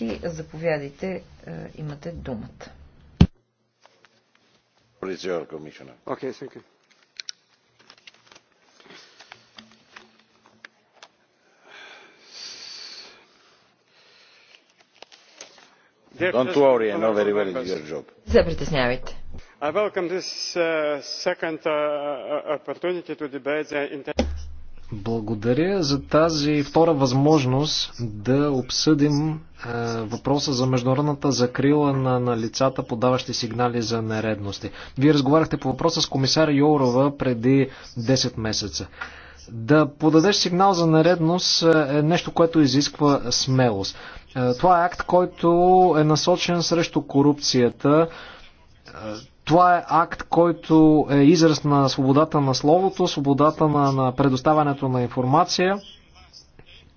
депутати. Заповядайте, имате думата. Okay, thank you. Don't worry, I know very well it's your job. Не притеснявайте. I welcome this uh, second uh, opportunity to debate the благодаря за тази втора възможност да обсъдим е, въпроса за международната закрила на, на лицата, подаващи сигнали за нередности. Вие разговаряхте по въпроса с комисар Йорова преди 10 месеца. Да подадеш сигнал за нередност е, е нещо, което изисква смелост. Е, това е акт, който е насочен срещу корупцията. Е, това е акт, който е израз на свободата на словото, свободата на, на предоставянето на информация.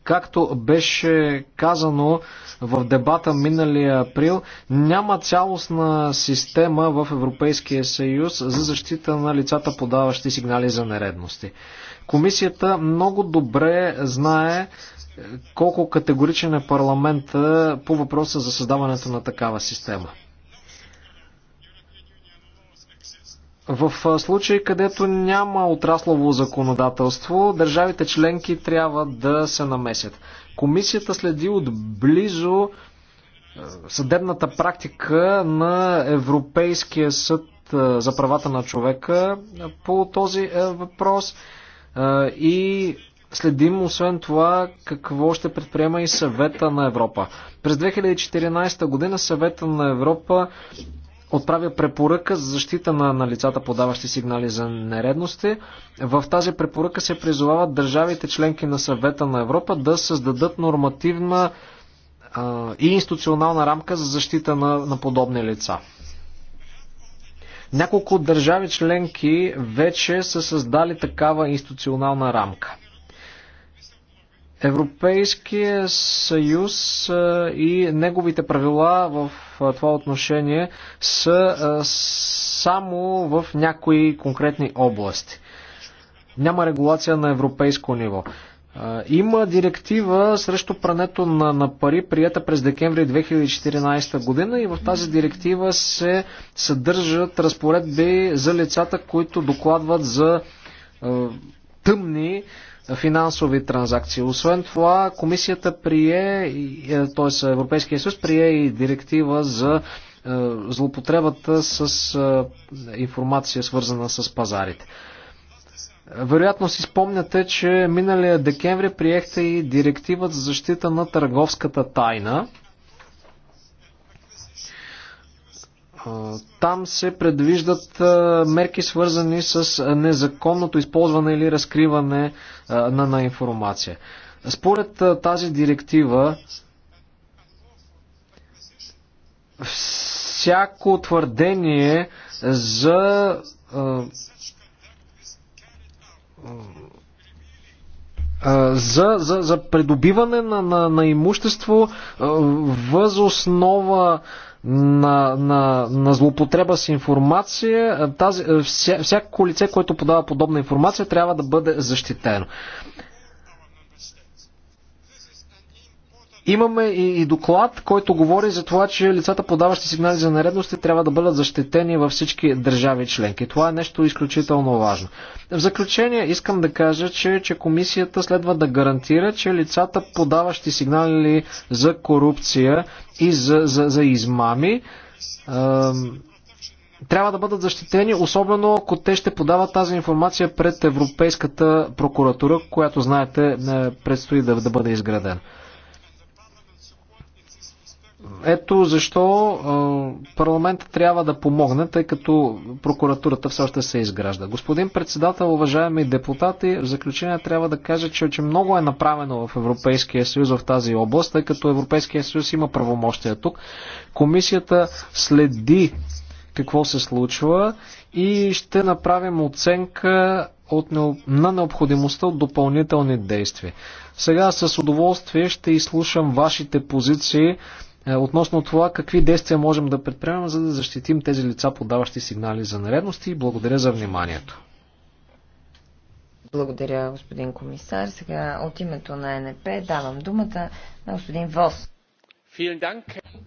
Както беше казано в дебата миналия април, няма цялостна система в Европейския съюз за защита на лицата, подаващи сигнали за нередности. Комисията много добре знае е, колко категоричен е парламента по въпроса за създаването на такава система. В случай, където няма отраслово законодателство, държавите членки трябва да се намесят. Комисията следи отблизо съдебната практика на Европейския съд за правата на човека по този въпрос и следим освен това какво ще предприема и съвета на Европа. През 2014 година съвета на Европа отправя препоръка за защита на, на лицата, подаващи сигнали за нередности. В тази препоръка се призовават държавите членки на съвета на Европа да създадат нормативна а, и институционална рамка за защита на, на подобни лица. Няколко държави членки вече са създали такава институционална рамка. Европейския съюз и неговите правила в това отношение са само в някои конкретни области. Няма регулация на европейско ниво. Има директива срещу прането на, на пари, прията през декември 2014 година и в тази директива се съдържат разпоредби за лицата, които докладват за е, тъмни финансови транзакции. Освен това, комисията прие, е, т.е. Европейския съюз прие и директива за е, злоупотребата с е, информация, свързана с пазарите. Вероятно си спомняте, че миналия декември приехте и директивата за защита на търговската тайна. Там се предвиждат мерки свързани с незаконното използване или разкриване на, на информация. Според тази директива, всяко твърдение за за, за, за придобиване на, на, на имущество въз основа на, на, на злоупотреба с информация, тази, вся, всяко лице, което подава подобна информация, трябва да бъде защитено. Имаме и, и доклад, който говори за това, че лицата подаващи сигнали за нередности трябва да бъдат защитени във всички държави членки. Това е нещо изключително важно. В заключение искам да кажа, че, че комисията следва да гарантира, че лицата подаващи сигнали за корупция и за, за, за измами е, трябва да бъдат защитени, особено ако те ще подават тази информация пред Европейската прокуратура, която знаете е, предстои да, да бъде изградена. Ето защо парламентът трябва да помогне, тъй като прокуратурата все още се изгражда. Господин председател, уважаеми депутати, в заключение трябва да кажа, че, че много е направено в Европейския съюз в тази област, тъй като Европейския съюз има правомощия тук. Комисията следи какво се случва и ще направим оценка от, не... на необходимостта от допълнителни действия. Сега с удоволствие ще изслушам вашите позиции е, относно това какви действия можем да предприемем, за да защитим тези лица, подаващи сигнали за нередности. Благодаря за вниманието. Благодаря, господин комисар. Сега от името на НП давам думата на господин Вос.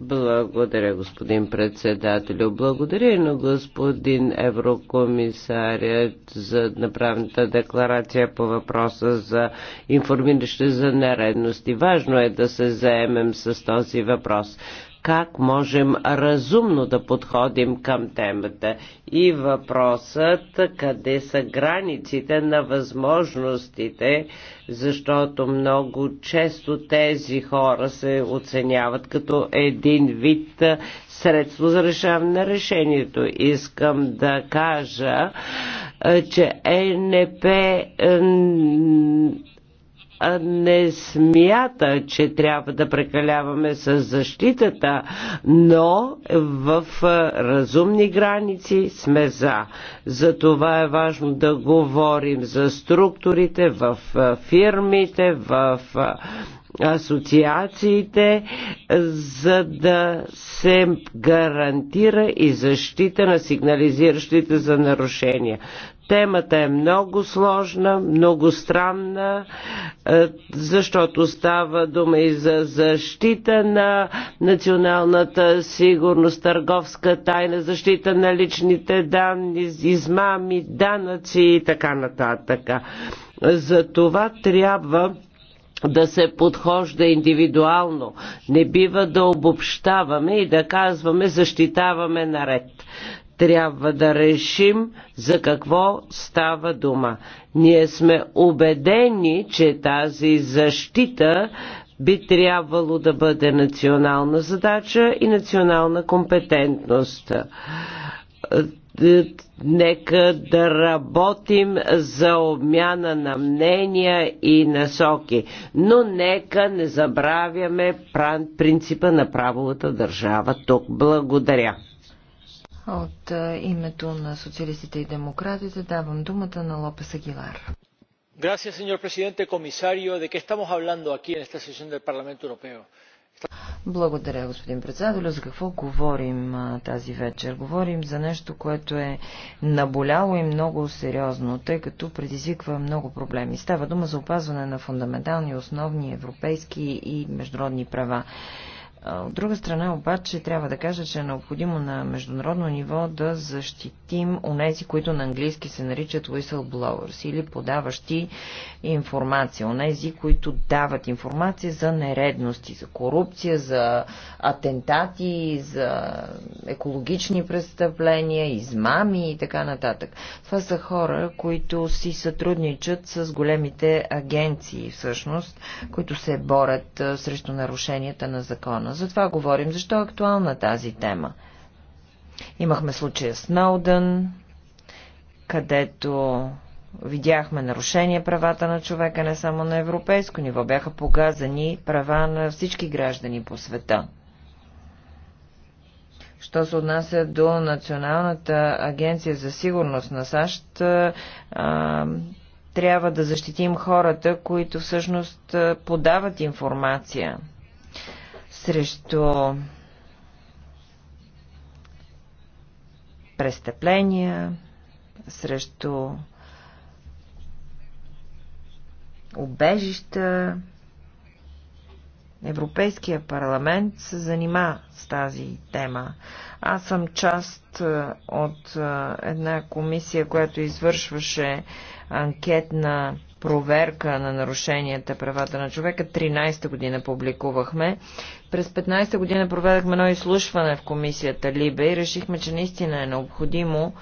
Благодаря, господин председателю. Благодаря на господин еврокомисарят за направената декларация по въпроса за информиращи за нередности. Важно е да се заемем с този въпрос как можем разумно да подходим към темата и въпросът къде са границите на възможностите, защото много често тези хора се оценяват като един вид средство за решаване на решението. Искам да кажа, е, че ЕНП е, не смята, че трябва да прекаляваме с защитата, но в разумни граници сме за. Затова е важно да говорим за структурите в фирмите, в асоциациите, за да се гарантира и защита на сигнализиращите за нарушения. Темата е много сложна, много странна, е, защото става дума и за защита на националната сигурност, търговска тайна, защита на личните данни, измами, данъци и така нататък. За това трябва да се подхожда индивидуално. Не бива да обобщаваме и да казваме защитаваме наред трябва да решим за какво става дума. Ние сме убедени, че тази защита би трябвало да бъде национална задача и национална компетентност нека да работим за обмяна на мнения и насоки, но нека не забравяме принципа на правовата държава тук. Благодаря. От е, името на социалистите и демократите давам думата на Лопес Агилар. Señor presidente, комисарио, de qué estamos hablando aquí en esta sesión del Parlamento Europeo? Благодаря, господин председател. За какво говорим а, тази вечер? Говорим за нещо, което е наболяло и много сериозно, тъй като предизвиква много проблеми. Става дума за опазване на фундаментални, основни европейски и международни права. От друга страна обаче трябва да кажа, че е необходимо на международно ниво да защитим онези, които на английски се наричат whistleblowers или подаващи информация. Онези, които дават информация за нередности, за корупция, за атентати, за екологични престъпления, измами и така нататък. Това са хора, които си сътрудничат с големите агенции, всъщност, които се борят срещу нарушенията на закона за това говорим. Защо е актуална тази тема? Имахме случая с Наудън, където видяхме нарушения правата на човека не само на европейско ниво, бяха погазани права на всички граждани по света. Що се отнася до Националната агенция за сигурност на САЩ, а, трябва да защитим хората, които всъщност подават информация срещу престъпления, срещу убежища. Европейския парламент се занима с тази тема. Аз съм част от една комисия, която извършваше анкетна проверка на нарушенията правата на човека. 13-та година публикувахме през 15 та година проведахме едно изслушване в комисията Либе и решихме, че наистина е необходимо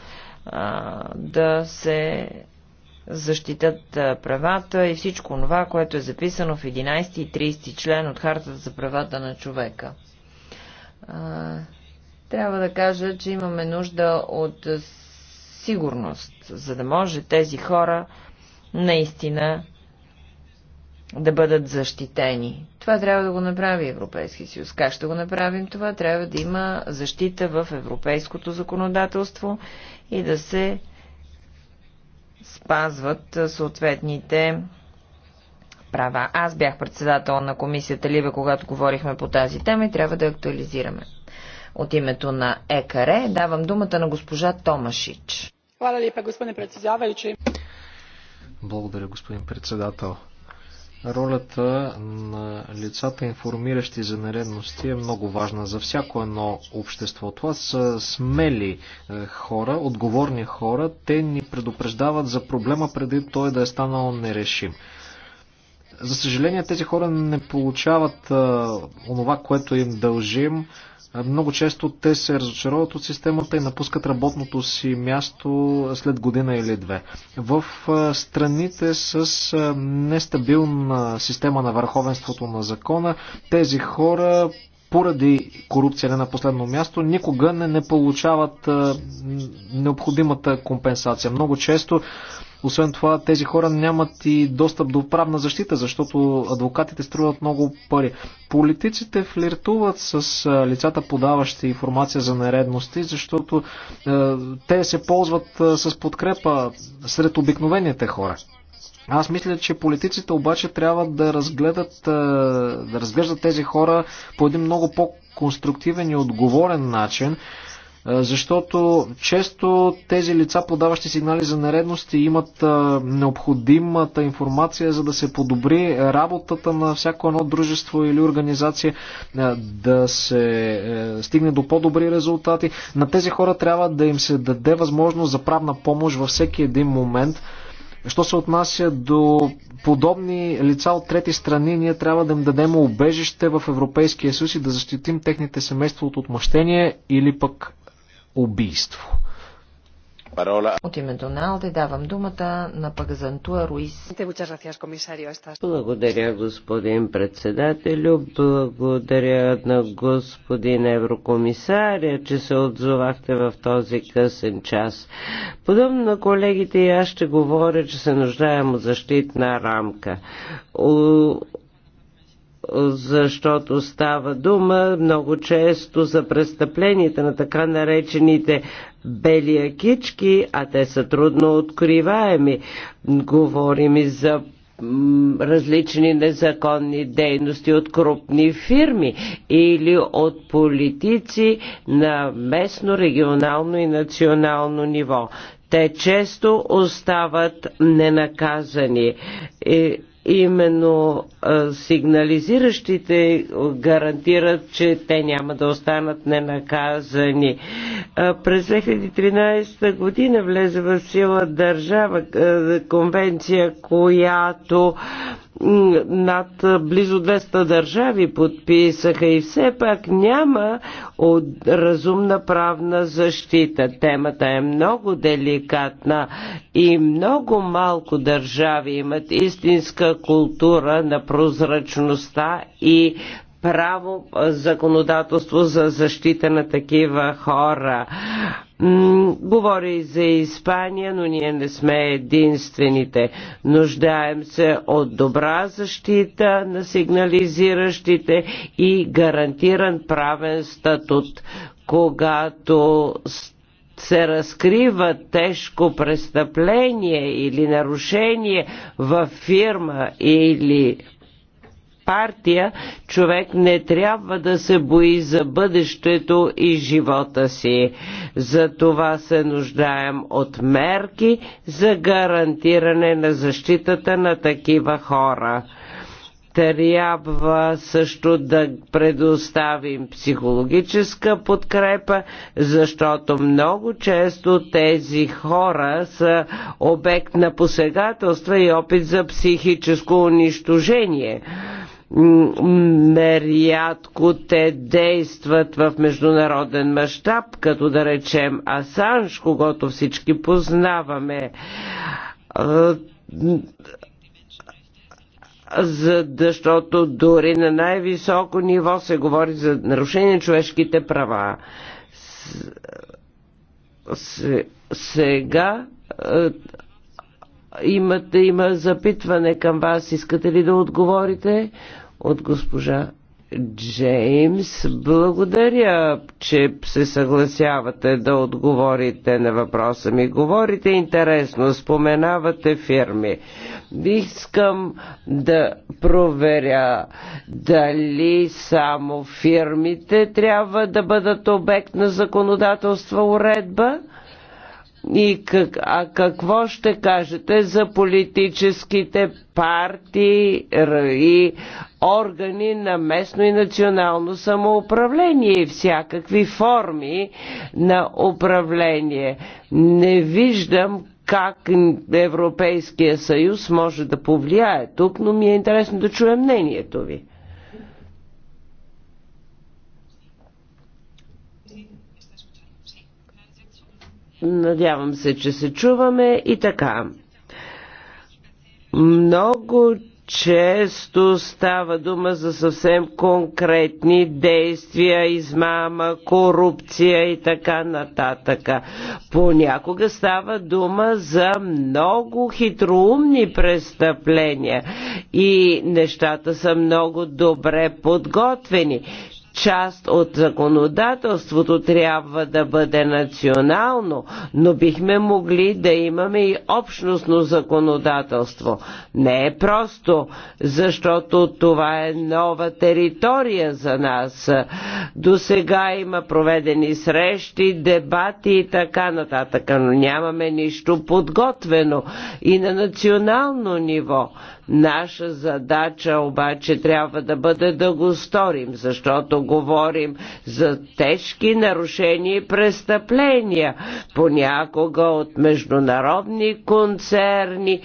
а, да се защитат правата и всичко това, което е записано в 11 и 30 член от Хартата за правата на човека. А, трябва да кажа, че имаме нужда от сигурност, за да може тези хора наистина да бъдат защитени. Това трябва да го направи Европейския съюз. Как ще го направим това? Трябва да има защита в европейското законодателство и да се спазват съответните права. Аз бях председател на комисията Либе, когато говорихме по тази тема и трябва да актуализираме. От името на ЕКАРЕ давам думата на госпожа Томашич. Благодаря, господин председател. Ролята на лицата, информиращи за нередности, е много важна за всяко едно общество. Това са смели е, хора, отговорни хора. Те ни предупреждават за проблема преди той да е станал нерешим. За съжаление, тези хора не получават а, е, онова, което им дължим. Много често те се разочароват от системата и напускат работното си място след година или две. В страните с нестабилна система на върховенството на закона, тези хора поради корупция не на последно място, никога не, не получават а, необходимата компенсация. Много често освен това, тези хора нямат и достъп до правна защита, защото адвокатите струват много пари. Политиците флиртуват с лицата, подаващи информация за нередности, защото е, те се ползват е, с подкрепа сред обикновените хора. Аз мисля, че политиците обаче трябва да разгледат, да разглеждат тези хора по един много по-конструктивен и отговорен начин защото често тези лица, подаващи сигнали за нередности, имат необходимата информация, за да се подобри работата на всяко едно дружество или организация, да се е, стигне до по-добри резултати. На тези хора трябва да им се даде възможност за правна помощ във всеки един момент. Що се отнася до подобни лица от трети страни, ние трябва да им дадем обежище в Европейския съюз и да защитим техните семейства от отмъщение или пък убийство. От името на Алде давам думата на Пагазантуа Руис. Благодаря, господин председателю. Благодаря на господин еврокомисаря, че се отзовахте в този късен час. Подобно на колегите и аз ще говоря, че се нуждаем от защитна рамка защото става дума много често за престъпленията на така наречените бели акички, а те са трудно откриваеми. Говорим и за различни незаконни дейности от крупни фирми или от политици на местно, регионално и национално ниво. Те често остават ненаказани. И именно сигнализиращите гарантират, че те няма да останат ненаказани. През 2013 година влезе в сила държава конвенция, която над близо 200 държави подписаха и все пак няма от разумна правна защита. Темата е много деликатна и много малко държави имат истинска култура на прозрачността и право законодателство за защита на такива хора. Говори за Испания, но ние не сме единствените. Нуждаем се от добра защита на сигнализиращите и гарантиран правен статут, когато се разкрива тежко престъпление или нарушение в фирма или партия, човек не трябва да се бои за бъдещето и живота си. За това се нуждаем от мерки за гарантиране на защитата на такива хора. Трябва също да предоставим психологическа подкрепа, защото много често тези хора са обект на посегателства и опит за психическо унищожение рядко те действат в международен мащаб, като да речем Асанж, когато всички познаваме за, защото дори на най-високо ниво се говори за нарушение на човешките права. С, сега е, имате, има запитване към вас. Искате ли да отговорите от госпожа Джеймс, благодаря, че се съгласявате да отговорите на въпроса ми. Говорите интересно, споменавате фирми. Искам да проверя дали само фирмите трябва да бъдат обект на законодателство уредба и как, а какво ще кажете за политическите партии и органи на местно и национално самоуправление и всякакви форми на управление? Не виждам как Европейския съюз може да повлияе тук, но ми е интересно да чуя мнението ви. Надявам се, че се чуваме и така. Много често става дума за съвсем конкретни действия, измама, корупция и така нататък. Понякога става дума за много хитроумни престъпления и нещата са много добре подготвени част от законодателството трябва да бъде национално, но бихме могли да имаме и общностно законодателство. Не е просто, защото това е нова територия за нас. До сега има проведени срещи, дебати и така нататък, но нямаме нищо подготвено и на национално ниво. Наша задача обаче трябва да бъде да го сторим, защото говорим за тежки нарушения и престъпления, понякога от международни концерни,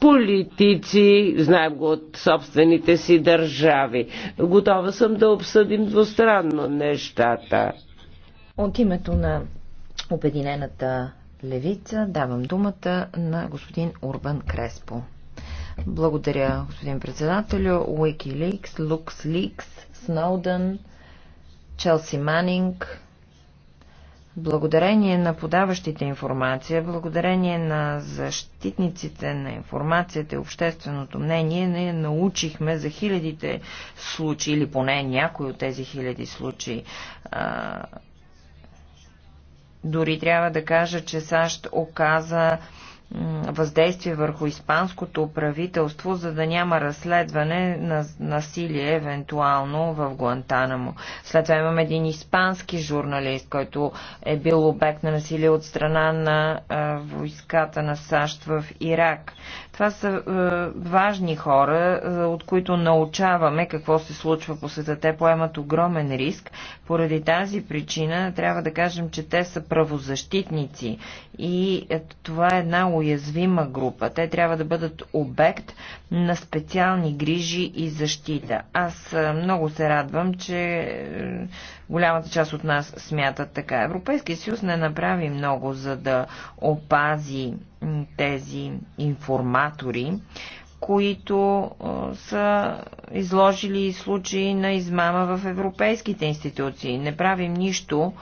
политици, знаем го от собствените си държави. Готова съм да обсъдим двустранно нещата. От името на Обединената левица давам думата на господин Урбан Креспо. Благодаря, господин председателю. Wikileaks, LuxLeaks, Snowden, Челси Манинг. Благодарение на подаващите информация, благодарение на защитниците на информацията и общественото мнение, не научихме за хилядите случаи, или поне някои от тези хиляди случаи. Дори трябва да кажа, че САЩ оказа въздействие върху испанското правителство, за да няма разследване на насилие, евентуално в Гуантанамо. След това имам един испански журналист, който е бил обект на насилие от страна на а, войската на САЩ в Ирак. Това са е, важни хора, е, от които научаваме какво се случва по света. Те поемат огромен риск. Поради тази причина трябва да кажем, че те са правозащитници и е, това е една уязвима група. Те трябва да бъдат обект на специални грижи и защита. Аз е, много се радвам, че е, Голямата част от нас смятат така. Европейския съюз не направи много, за да опази тези информатори, които са изложили случаи на измама в европейските институции. Не правим нищо,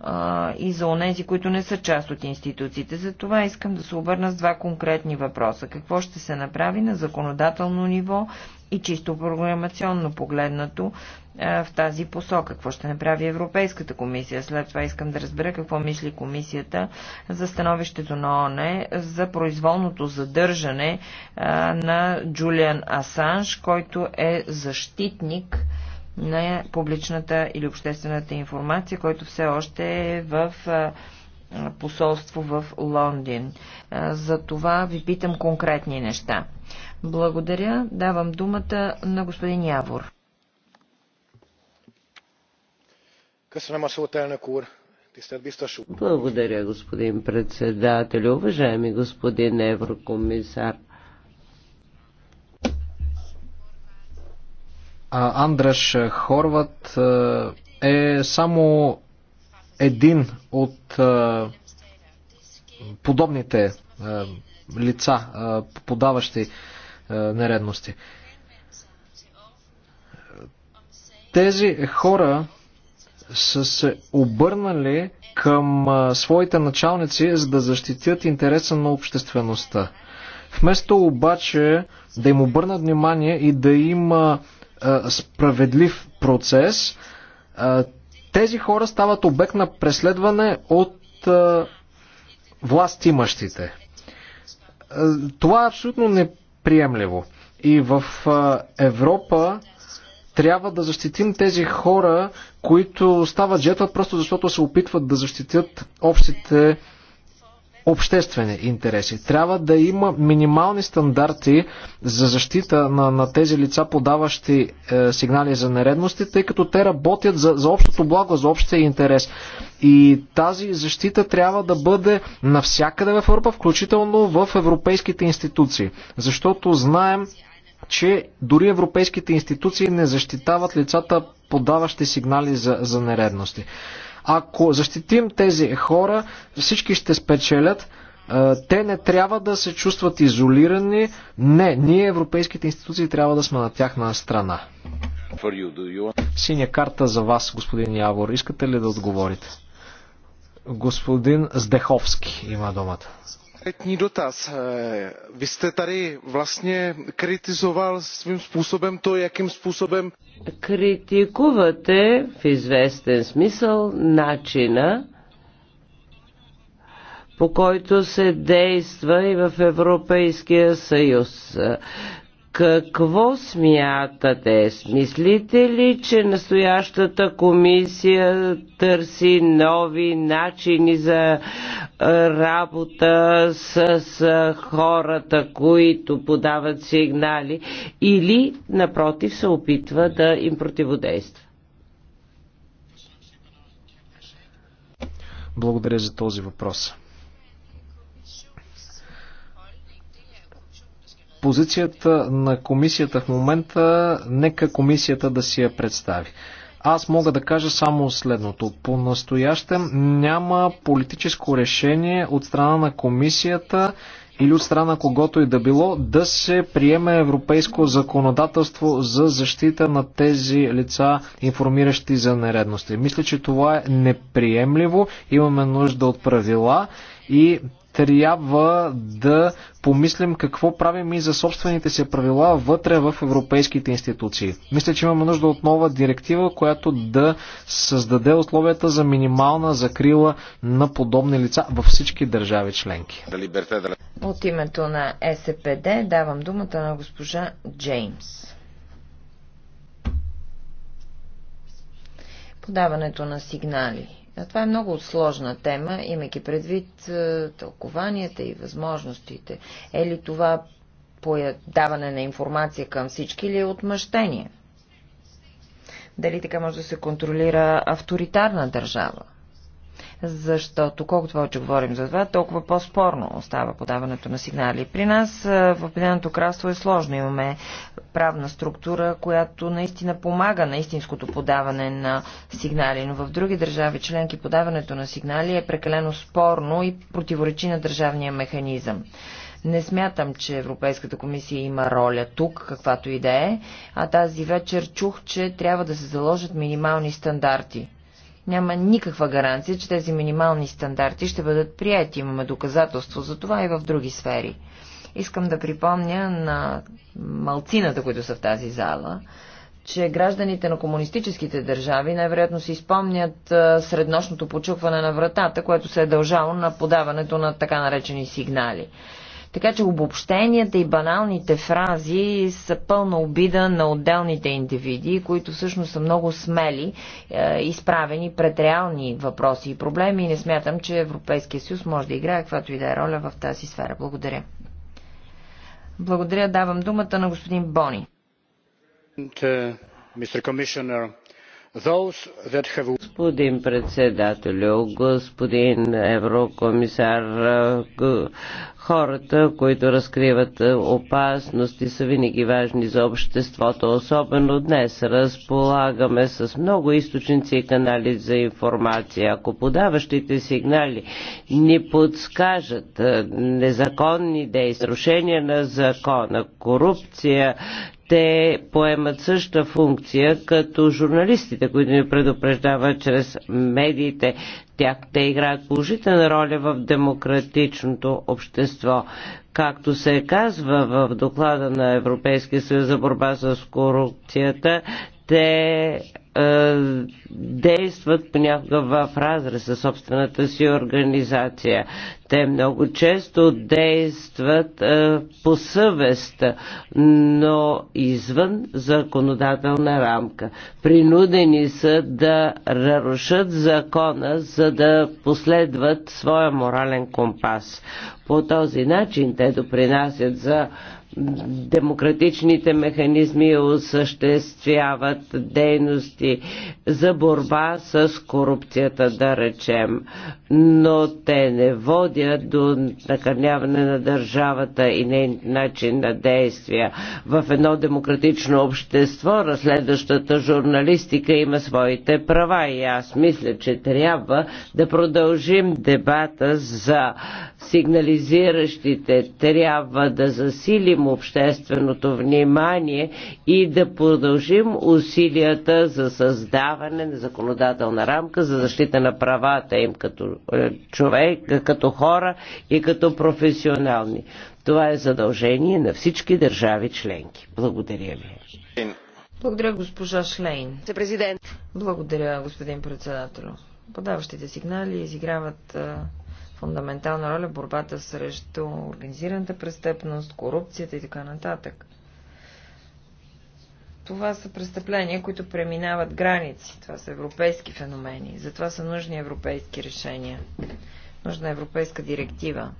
а, и за онези, които не са част от институциите. За това искам да се обърна с два конкретни въпроса. Какво ще се направи на законодателно ниво и чисто програмационно погледнато а, в тази посока? Какво ще направи Европейската комисия? След това искам да разбера какво мисли комисията за становището на ОНЕ за произволното задържане а, на Джулиан Асанж, който е защитник на публичната или обществената информация, който все още е в посолство в Лондин. За това ви питам конкретни неща. Благодаря. Давам думата на господин Явор. Благодаря, господин председател. Уважаеми господин еврокомисар, Андраш Хорват е, е само един от е, подобните е, лица, подаващи нередности. Тези хора са се обърнали към своите началници, за да защитят интереса на обществеността. Вместо обаче да им обърнат внимание и да има справедлив процес, тези хора стават обект на преследване от власт имащите. Това е абсолютно неприемливо. И в Европа трябва да защитим тези хора, които стават жертва просто защото се опитват да защитят общите обществени интереси. Трябва да има минимални стандарти за защита на, на тези лица, подаващи е, сигнали за нередности, тъй като те работят за, за общото благо, за общия интерес. И тази защита трябва да бъде навсякъде в Европа, включително в европейските институции. Защото знаем, че дори европейските институции не защитават лицата, подаващи сигнали за, за нередности. Ако защитим тези хора, всички ще спечелят. Те не трябва да се чувстват изолирани. Не, ние, европейските институции, трябва да сме на тяхна страна. Синя карта за вас, господин Явор. Искате ли да отговорите? Господин Здеховски има думата konkrétní dotaz. Eh, vy jste tady vlastně kritizoval svým způsobem to, jakým způsobem... Критикувате в известен смисъл начина, по който се действа и в Европейския съюз. Какво смятате? Смислите ли, че настоящата комисия търси нови начини за работа с, с хората, които подават сигнали или, напротив, се опитва да им противодейства. Благодаря за този въпрос. Позицията на комисията в момента, нека комисията да си я представи. Аз мога да кажа само следното. По настоящем няма политическо решение от страна на комисията или от страна когото и да било да се приеме европейско законодателство за защита на тези лица, информиращи за нередности. Мисля, че това е неприемливо. Имаме нужда от правила и трябва да помислим какво правим и за собствените си правила вътре в европейските институции. Мисля, че имаме нужда от нова директива, която да създаде условията за минимална закрила на подобни лица във всички държави членки. От името на СПД давам думата на госпожа Джеймс. Подаването на сигнали това е много сложна тема, имайки предвид е, тълкованията и възможностите. Е ли това поедаване на информация към всички или е отмъщение? Дали така може да се контролира авторитарна държава? защото колкото повече говорим за това, толкова по-спорно остава подаването на сигнали. При нас в Обединеното кралство е сложно. Имаме правна структура, която наистина помага на истинското подаване на сигнали, но в други държави членки подаването на сигнали е прекалено спорно и противоречи на държавния механизъм. Не смятам, че Европейската комисия има роля тук, каквато и да е, а тази вечер чух, че трябва да се заложат минимални стандарти. Няма никаква гаранция, че тези минимални стандарти ще бъдат прияти. Имаме доказателство за това и в други сфери. Искам да припомня на малцината, които са в тази зала, че гражданите на комунистическите държави най-вероятно си изпомнят среднощното почукване на вратата, което се е дължало на подаването на така наречени сигнали. Така че обобщенията и баналните фрази са пълна обида на отделните индивиди, които всъщност са много смели, е, изправени пред реални въпроси и проблеми и не смятам, че Европейския съюз може да играе каквато и да е роля в тази сфера. Благодаря. Благодаря. Давам думата на господин Бони. Мистер Commissioner, Господин председател, господин еврокомисар, хората, които разкриват е, опасности, са винаги важни за обществото. Особено днес разполагаме с много източници и канали за информация. Ако подаващите сигнали ни подскажат е, незаконни действия, нарушения на закона, корупция, те поемат същата функция като журналистите, които ни предупреждават чрез медиите. Тях те играят положителна роля в демократичното общество. Както се казва в доклада на Европейския съюз за борба с корупцията, те е, действат понякога в разрез със собствената си организация. Те много често действат е, по съвест, но извън законодателна рамка. Принудени са да нарушат закона, за да последват своя морален компас. По този начин те допринасят за демократичните механизми осъществяват дейности за борба с корупцията, да речем. Но те не водят до накърняване на държавата и нейния начин на действия. В едно демократично общество разследващата журналистика има своите права и аз мисля, че трябва да продължим дебата за сигнализиращите. Трябва да засилим насърчим общественото внимание и да продължим усилията за създаване на законодателна рамка за защита на правата им като е, човек, като хора и като професионални. Това е задължение на всички държави членки. Благодаря ви. Благодаря, госпожа Шлейн. Благодаря, господин председател. Подаващите сигнали изиграват е, фундаментална роля в борбата срещу организираната престъпност, корупцията и така нататък. Това са престъпления, които преминават граници. Това са европейски феномени. Затова са нужни европейски решения. Нужна европейска директива,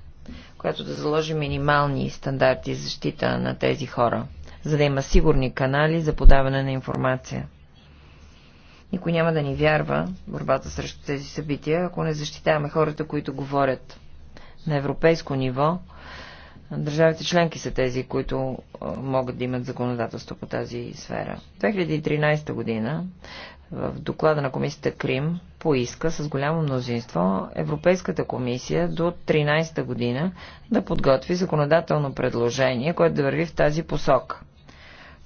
която да заложи минимални стандарти защита на тези хора, за да има сигурни канали за подаване на информация. Никой няма да ни вярва борбата срещу тези събития, ако не защитаваме хората, които говорят на европейско ниво. Държавите членки са тези, които могат да имат законодателство по тази сфера. 2013 година в доклада на комисията Крим поиска с голямо мнозинство Европейската комисия до 13 година да подготви законодателно предложение, което да върви в тази посока.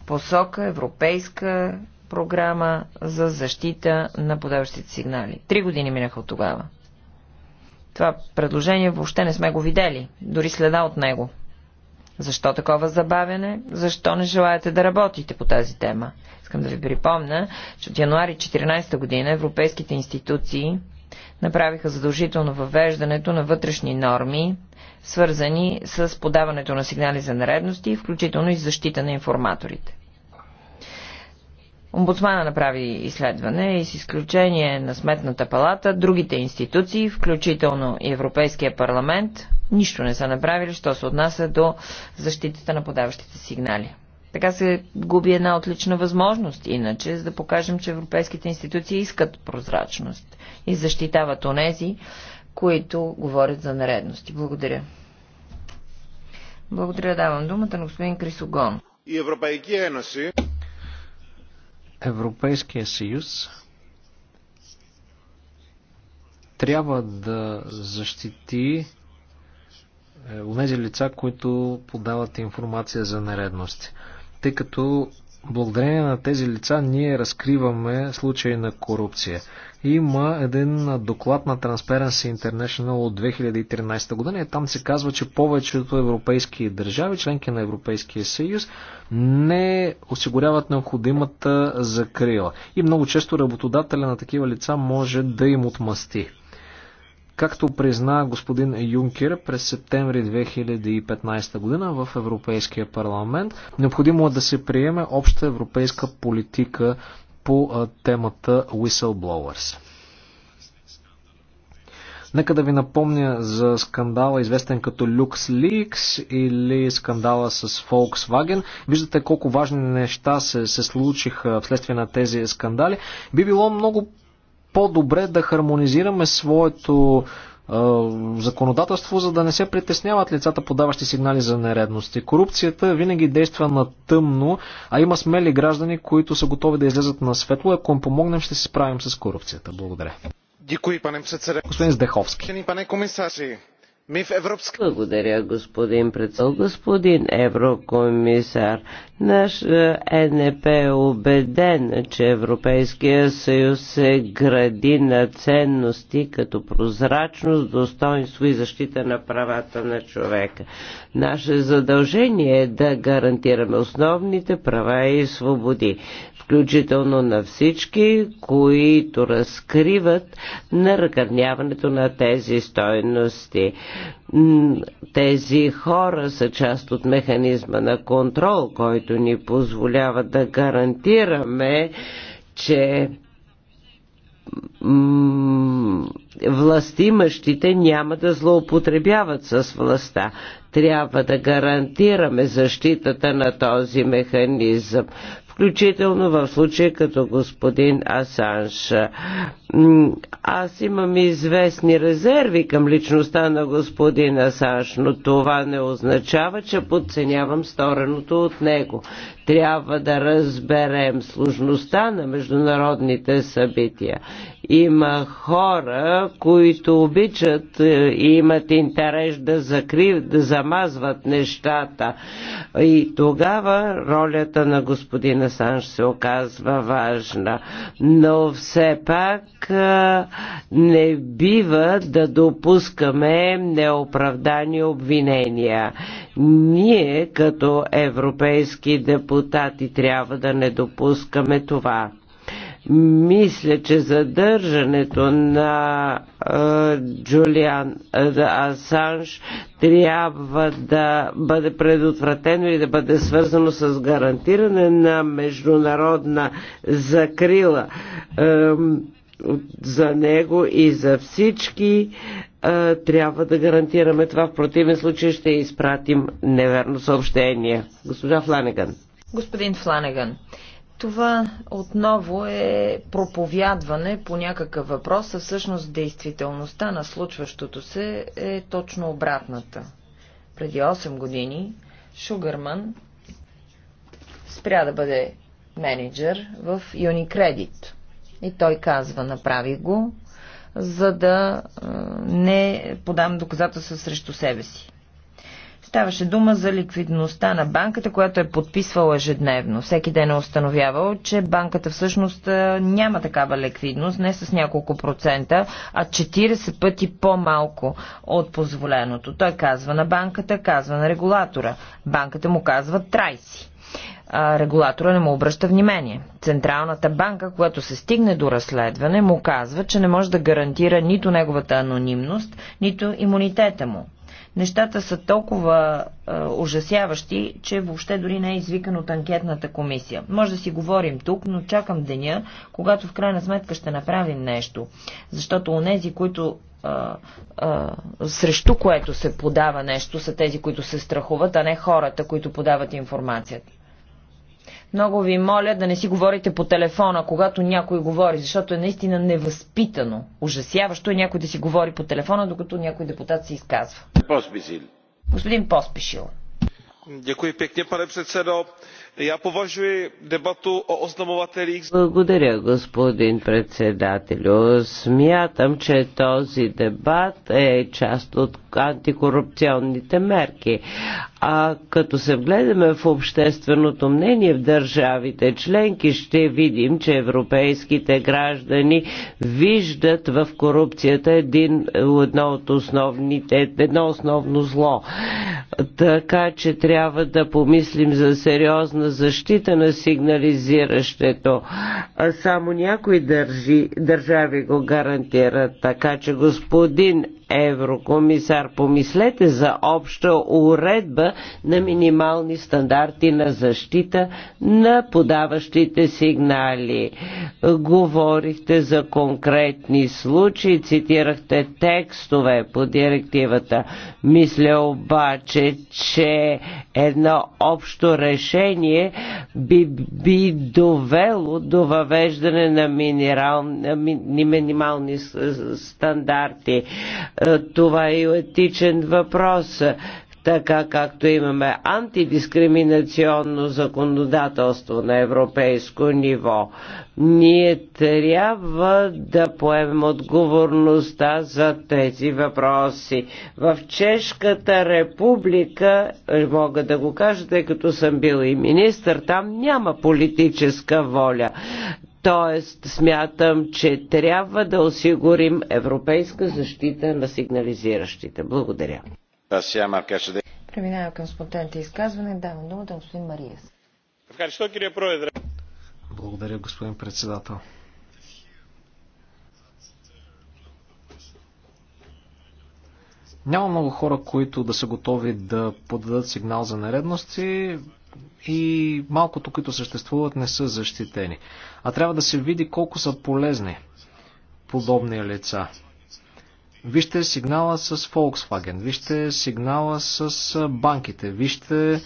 Посока европейска програма за защита на подаващите сигнали. Три години минаха от тогава. Това предложение въобще не сме го видели, дори следа от него. Защо такова забавяне? Защо не желаете да работите по тази тема? Искам да ви припомня, че от януари 2014 година европейските институции направиха задължително въвеждането на вътрешни норми, свързани с подаването на сигнали за наредности, включително и защита на информаторите. Омбудсмана направи изследване и с изключение на Сметната палата, другите институции, включително и Европейския парламент, нищо не са направили, що се отнася до защитата на подаващите сигнали. Така се губи една отлична възможност, иначе, за да покажем, че европейските институции искат прозрачност и защитават онези, които говорят за наредности. Благодаря. Благодаря, давам думата на господин Крисогон. И Европейския Ένωση Европейския съюз трябва да защити е, онези лица, които подават информация за нередности. Тъй като благодарение на тези лица ние разкриваме случаи на корупция. Има един доклад на Transparency International от 2013 година и там се казва, че повечето европейски държави, членки на Европейския съюз, не осигуряват необходимата закрила. И много често работодателя на такива лица може да им отмъсти. Както призна господин Юнкер през септември 2015 година в Европейския парламент, необходимо е да се приеме обща европейска политика по темата Whistleblowers. Нека да ви напомня за скандала, известен като LuxLeaks или скандала с Volkswagen. Виждате колко важни неща се, се случиха вследствие на тези скандали. Би било много по-добре да хармонизираме своето законодателство, за да не се притесняват лицата, подаващи сигнали за нередности. Корупцията винаги действа на тъмно, а има смели граждани, които са готови да излезат на светло. Ако им помогнем, ще се справим с корупцията. Благодаря. Дякую, пане Господин Здеховски. Пане komisaři, благодаря, господин председател. Господин еврокомисар, наш е, НП е убеден, че Европейския съюз се гради на ценности като прозрачност, достоинство и защита на правата на човека. Наше задължение е да гарантираме основните права и свободи включително на всички, които разкриват наръкърняването на тези стойности. Тези хора са част от механизма на контрол, който ни позволява да гарантираме, че властимащите няма да злоупотребяват с властта. Трябва да гарантираме защитата на този механизъм включително в случая като господин Асанш. Аз имам известни резерви към личността на господин Асанш, но това не означава, че подценявам стореното от него. Трябва да разберем сложността на международните събития. Има хора, които обичат е, и имат интерес да, закрив, да замазват нещата. И тогава ролята на господина Санш се оказва важна. Но все пак е, не бива да допускаме неоправдани обвинения. Ние като европейски депутати трябва да не допускаме това. Мисля, че задържането на е, Джулиан е, Асанж трябва да бъде предотвратено и да бъде свързано с гарантиране на международна закрила. Е, за него и за всички а, трябва да гарантираме това. В противен случай ще изпратим неверно съобщение. Госпожа Фланеган. Господин Фланеган, това отново е проповядване по някакъв въпрос, а всъщност действителността на случващото се е точно обратната. Преди 8 години Шугърман спря да бъде менеджер в Unicredit и той казва, направи го, за да не подам доказателства срещу себе си. Ставаше дума за ликвидността на банката, която е подписвала ежедневно. Всеки ден е установявал, че банката всъщност няма такава ликвидност, не с няколко процента, а 40 пъти по-малко от позволеното. Той казва на банката, казва на регулатора. Банката му казва трайси регулатора не му обръща внимание. Централната банка, когато се стигне до разследване, му казва, че не може да гарантира нито неговата анонимност, нито имунитета му. Нещата са толкова а, ужасяващи, че въобще дори не е извикан от анкетната комисия. Може да си говорим тук, но чакам деня, когато в крайна сметка ще направим нещо. Защото у нези, които а, а, срещу което се подава нещо, са тези, които се страхуват, а не хората, които подават информацията. Много ви моля да не си говорите по телефона, когато някой говори, защото е наистина невъзпитано. Ужасяващо е някой да си говори по телефона, докато някой депутат се изказва. Поспишил. Господин пекне, пане předsedo. Я považuji debatu о oznamovatelích... Благодаря, господин председателю. Смятам, че този дебат е част от антикорупционните мерки. А като се вгледаме в общественото мнение в държавите членки, ще видим, че европейските граждани виждат в корупцията един, едно от основните, едно основно зло. Така че трябва да помислим за сериозна защита на сигнализиращето. А само някои държи, държави го гарантират. Така че господин еврокомисар. Помислете за обща уредба на минимални стандарти на защита на подаващите сигнали. Говорихте за конкретни случаи, цитирахте текстове по директивата. Мисля обаче, че едно общо решение би, би довело до въвеждане на минерал, минимални стандарти. Е, това е етичен въпрос така както имаме антидискриминационно законодателство на европейско ниво. Ние трябва да поемем отговорността за тези въпроси. В Чешката република, е, мога да го кажа, тъй като съм бил и министр, там няма политическа воля. Тоест, смятам, че трябва да осигурим европейска защита на сигнализиращите. Благодаря. Преминавам към спонтанните изказване. Давам думата на господин Мариес. Благодаря, господин председател. Няма много хора, които да са готови да подадат сигнал за нередности и малкото, които съществуват, не са защитени. А трябва да се види колко са полезни подобни лица. Вижте сигнала с Volkswagen, вижте сигнала с банките, вижте е,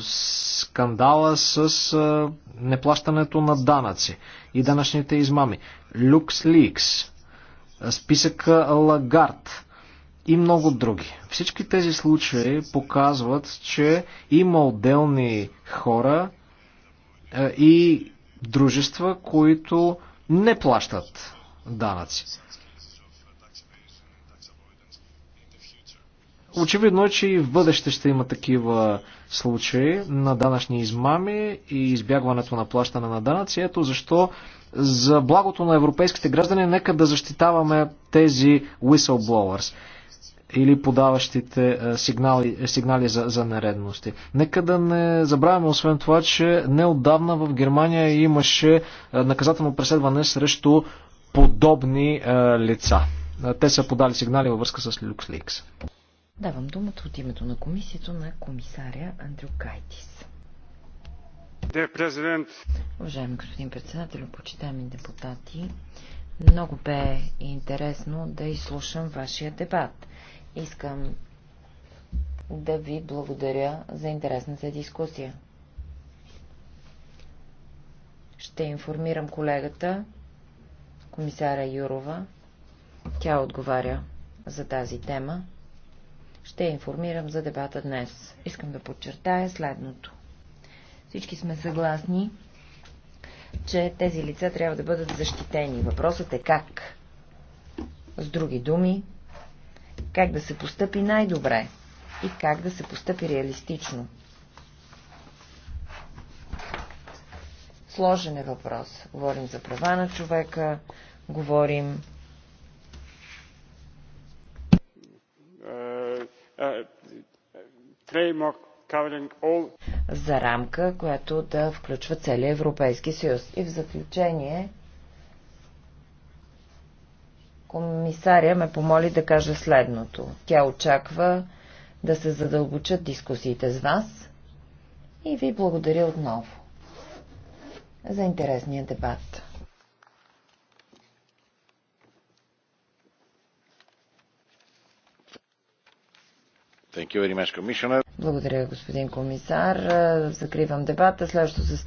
скандала с е, неплащането на данъци и данъчните измами. LuxLeaks, списъка Лагард, и много други. Всички тези случаи показват, че има отделни хора е, и дружества, които не плащат данъци. Очевидно е, че и в бъдеще ще има такива случаи на данъчни измами и избягването на плащане на данъци. Ето защо за благото на европейските граждани нека да защитаваме тези whistleblowers или подаващите е, сигнали, е, сигнали за, за нередности. Нека да не забравяме, освен това, че неодавна в Германия имаше е, наказателно преследване срещу подобни лица. Те са подали сигнали във връзка с LuxLeaks. Давам думата от името на комисията на комисаря Андрю Кайтис. Президент. Уважаеми господин председател, почитаеми депутати, много бе интересно да изслушам вашия дебат. Искам да ви благодаря за интересната дискусия. Ще информирам колегата, комисара Юрова. Тя отговаря за тази тема. Ще информирам за дебата днес. Искам да подчертая следното. Всички сме съгласни, че тези лица трябва да бъдат защитени. Въпросът е как. С други думи, как да се постъпи най-добре и как да се постъпи реалистично. Сложен е въпрос. Говорим за права на човека, говорим за рамка, която да включва целия Европейски съюз. И в заключение Комисаря ме помоли да кажа следното. Тя очаква да се задълбочат дискусиите с вас и ви благодаря отново за интересния дебат. Благодаря, господин комисар. Закривам дебата. Следващото заседание.